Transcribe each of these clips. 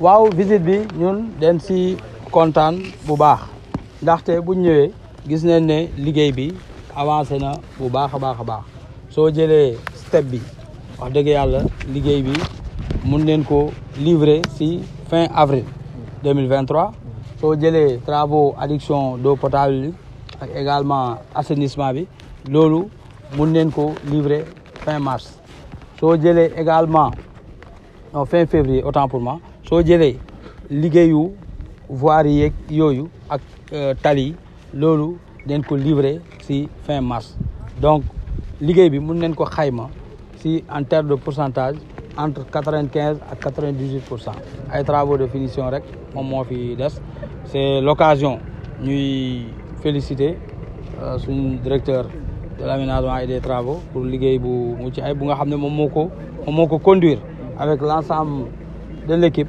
waaw visite bi nous sommes si kontaan bu baax ndaxte buñ ñëwee gis nañ ne liggéey bi avancé na bu baax a baax a baax step bi wax dëgg yàlla liggéey bi mun neen ko livrer si fin avril 2023 Soyez le travaux adduction d'eau potable ak également assainissement bi lolo, mun ko livrer fin mars Soyez le également en fin février autant pour moi soo jëlee liggéeyu voirie yeeg yooyu ak euh, tali loolu den ko livrer si fin mars donc liggéey bi mun nañ ko xayma si en terme de pourcentage entre 95 vingt 98%. ak pour cent ay travaux de finition rek moom moo fi des c'est l'occasion ñuy féliciter euh, suñu directeur de l'aménagement et des travaux pour liggéey bu mu ci ay bu nga xam ne moom moo ko moom moo ko conduire avec l'ensemble de l'équipe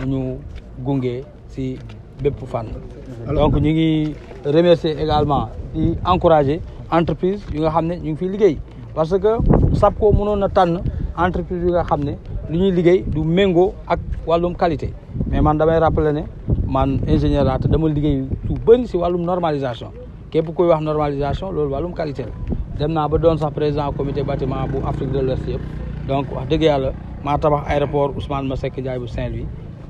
ñu gunge si bépp fànn donc ñu ngi remercier également di encourager entreprise yu nga xam ne ñu ngi fiy liggéey parce que SAPCO mënoon na tànn entreprise yu nga xam ne li ñuy liggéey du méngoo ak wàllum qualité mais man damay rappeler ne man ingénieur laa te dama liggéey lu bëri si wàllum normalisation képp koy wax normalisation loolu wàllum qualité la dem naa ba doon sax président comité bâtiment bu Afrique de l'Ouest yëpp donc wax dëgg yàlla maa tabax aéroport Ousmane Masseck Ndiaye bu Saint-Louis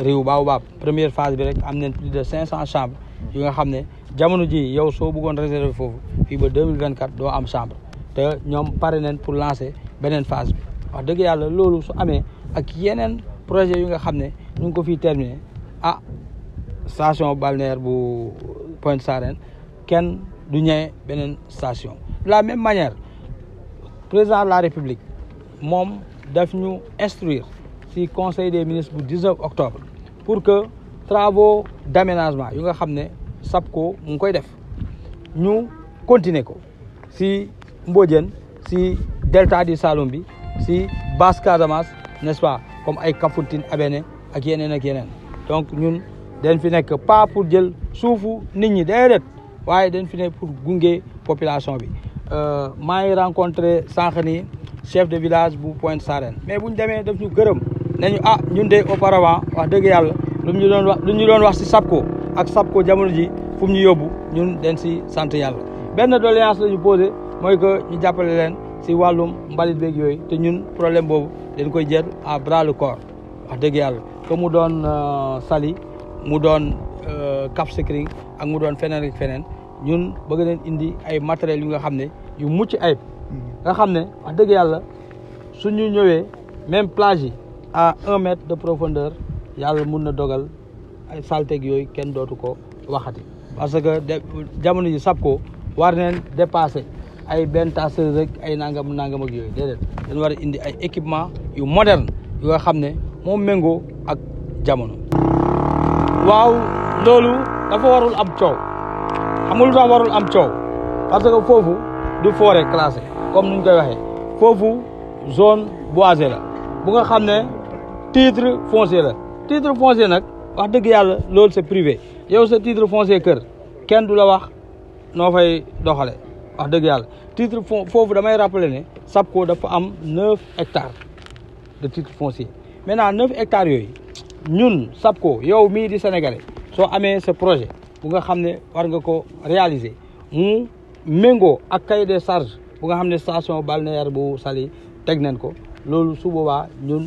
réew Baobab première phase bi rek am plus de 500 chambres yu nga xam ne jamono ji yow soo bëggoon réserver foofu fii ba 2024 am chambre te ñoom pare pour lancer beneen phase bi wax dëgg yàlla loolu su amee ak yeneen projet yu nga xam ne ñu ngi ko fii terminer ah station balnéaire bu Pointe Sarène kenn du ñëwee beneen station de la même manière président de la République moom daf ñu instruire ci conseil des ministres du 19 octobre pour que travaux d'aménagement yu nga xam ne SAPCO mu ngi koy def ñu continuer ko si Mbodiène si delta di Saloum bi si basse Casamance n'est-ce pas comme ay Kafountine Abéné ak yeneen ak yeneen donc ñun dañ fi nekk pas pour jël suufu nit ñi déedéet waaye dañ fi nekk pour gunge population bi euh, maa ngi rencontré sànq ni chef de village bu Pointe Sarène mais bu ñu demee daf ñu gërëm nañu ah ñun de auparavant wax dëgg yàlla lu ñu doon wax lu ñu doon wax si SAPCO ak SAPCO jamono ji fu ñu yóbbu ñun den si sant yàlla benn doléance la ñu posé mooy que ñu jàppale leen si wàllum mbali beeg yooyu te ñun problème boobu dañ koy jël à bras le corps wax dëgg yàlla que mu doon euh, sali mu doon euh, Cap Skirring ak mu doon feneen ak feneen ñun bëgg nañ indi ay matériels yu nga xam ne yu mucc ayib mm-hmm. nga xam ne wax dëgg yàlla suñu ñëwee même plage yi à un mètre de profondeur yàlla mun na dogal ay salteg yooyu kenn dootu ko waxati parce que jamono ji sab ko war neen dépassé ay benn tasseuse ay nangam nangam ak yooyu déedéet dañ war a indi ay équipement yu moderne yoo xam ne moom méngoo ak jamono waaw loolu dafa warul am coow xamul lu tax warul am coow parce que foofu du forêt classée comme ni ñu koy waxee foofu zone boisée la bu titre foncier la titre foncier nag wax dëgg yàlla loolu c'est privé yow sa titre foncier kër kenn du la wax noo fay doxale wax dëgg yàlla titre fon foofu damay rappeler ne sapko dafa am 9 hectares de titre foncier maintenant 9 hectares yooyu ñun sapko yow mii di sénégalais soo amee sa projet bu nga xam ne war nga ko réaliser mu méngoo ak cahier des charges bu nga xam ne station balnéaire bu sali teg nañ ko loolu su boobaa ñun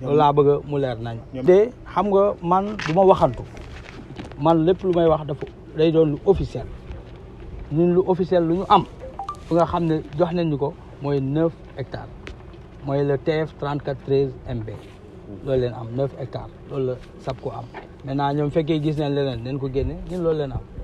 loolu laa bëgg mu leer nañ de xam nga man du ma waxantu man lépp lu may wax dafa day doon lu officiel ñun lu officiel lu ñu am fu nga xam ne jox nañ ñu ko mooy neuf hectares mooy le TF 34 13 MB loolu leen am neuf hectares loolu la sab ko am maintenant ñoom fekkee gis nañ leneen nañ ko génne ñun loolu leen am